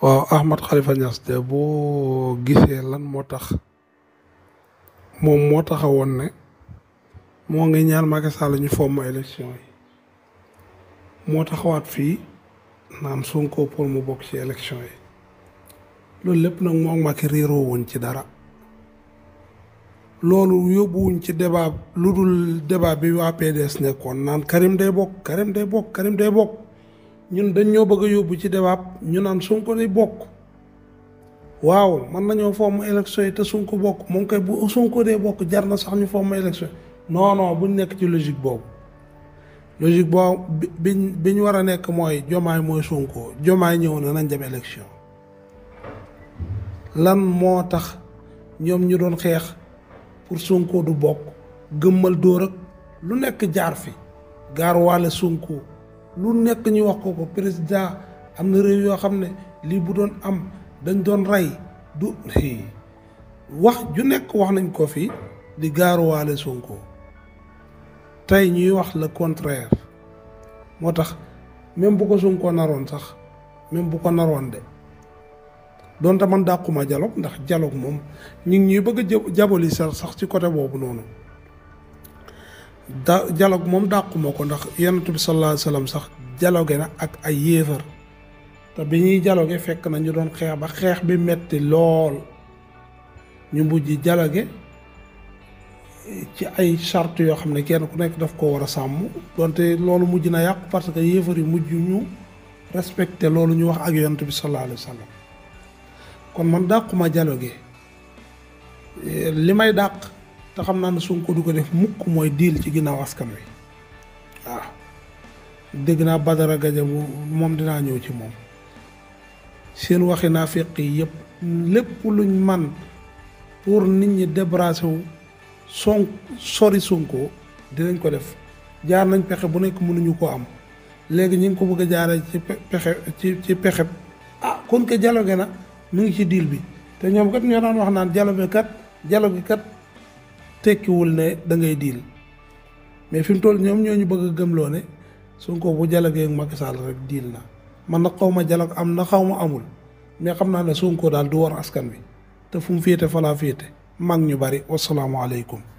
waaw Ahmed Khalifa Niass de boo gisee lan moo tax moom moo taxawoon ne moo ngi ñaan Macky Sall ñu fomm élection yi moo taxawaat fii naam Sonko pour mu bokk ci élection yi loolu lépp nag moo Macky réeroo woon ci dara loolu yóbbuwuñ ci débat lu dul débat bi waa PDS nekkoon naan Karim day bokk Karim day bokk Karim day bokk ñun dañ ñoo bëgg yóbbu ci débat ñu naan Sonko day bokk waaw mën nañoo fomm élection yi te Sonko bokk moom kay bu Sonko dee bokk jar na sax ñu fomm élection non non nekk ci logique boobu logique boobu war a nekk mooy jomaay mooy Sonko jomaay ñëw na nañ dem lan moo tax ñoom ñu doon xeex pour Sonko du bokk gëmmal dóor lu nekk jaar fi gaar waale lu nekk ñu wax ko ko président am na réew yoo xam ne lii bu doon am dañ doon rey du wax ju nekk wax nañ ko fi di gaaruwaale Sonko tey ñuy wax le contraire moo tax même bu ko Sonko naroon sax même bu ko naroon de donte man dàquma dialogue ndax dialogue moom ñu ñuy bëgg jaboli sax ci côté boobu noonu da dialogue moom dàquma ko ndax yonent bi sallallahu alayhi wasallam sax dialogue na ak ay yéefar te bi ñuy dialogue fekk na ñu doon xeex ba xeex bi metti lool ñu mujj dialogue ci ay charte yoo xam ne kenn ku nekk daf koo war a sàmm donte loolu mujj na yàqu parce que yéefar yi mujj ñu respecté loolu ñu wax ak yonent bi sallallahu alayhi wasallam kon man dàquma dialogue eh, li may dàq te xam naa ne Sonko du ko def mukk mooy diil ci ginnaaw askan wi waaw dégg naa Badara Gadiabou moom dinaa ñëw ci moom seen waxi naa feq yi yëpp lépp luñ man pour nit ñi débarrassé wu son sori Sonko dinañ ko def jaar nañ pexe bu nekk mënuñu ko am léegi ñu ngi ko bëgg a jaaree ci pexe ci ci pexe ah kon que dialogue na mu ngi ci diil bi te ñoom kat ñoo daan wax naan dialogue kat dialogue kat. tekkiwul ne da ngay diil mais fi mu toll ñoom ñoo ñu bëgg gëmloo ne Sonko bu jalagee ak Macky Sall rek diil na man na xaw ma jalag am na xaw ma amul mais xam naa ne Sonko daal du war askan bi te fu mu féete fa laa mag ñu bari wasalaamaaleykum.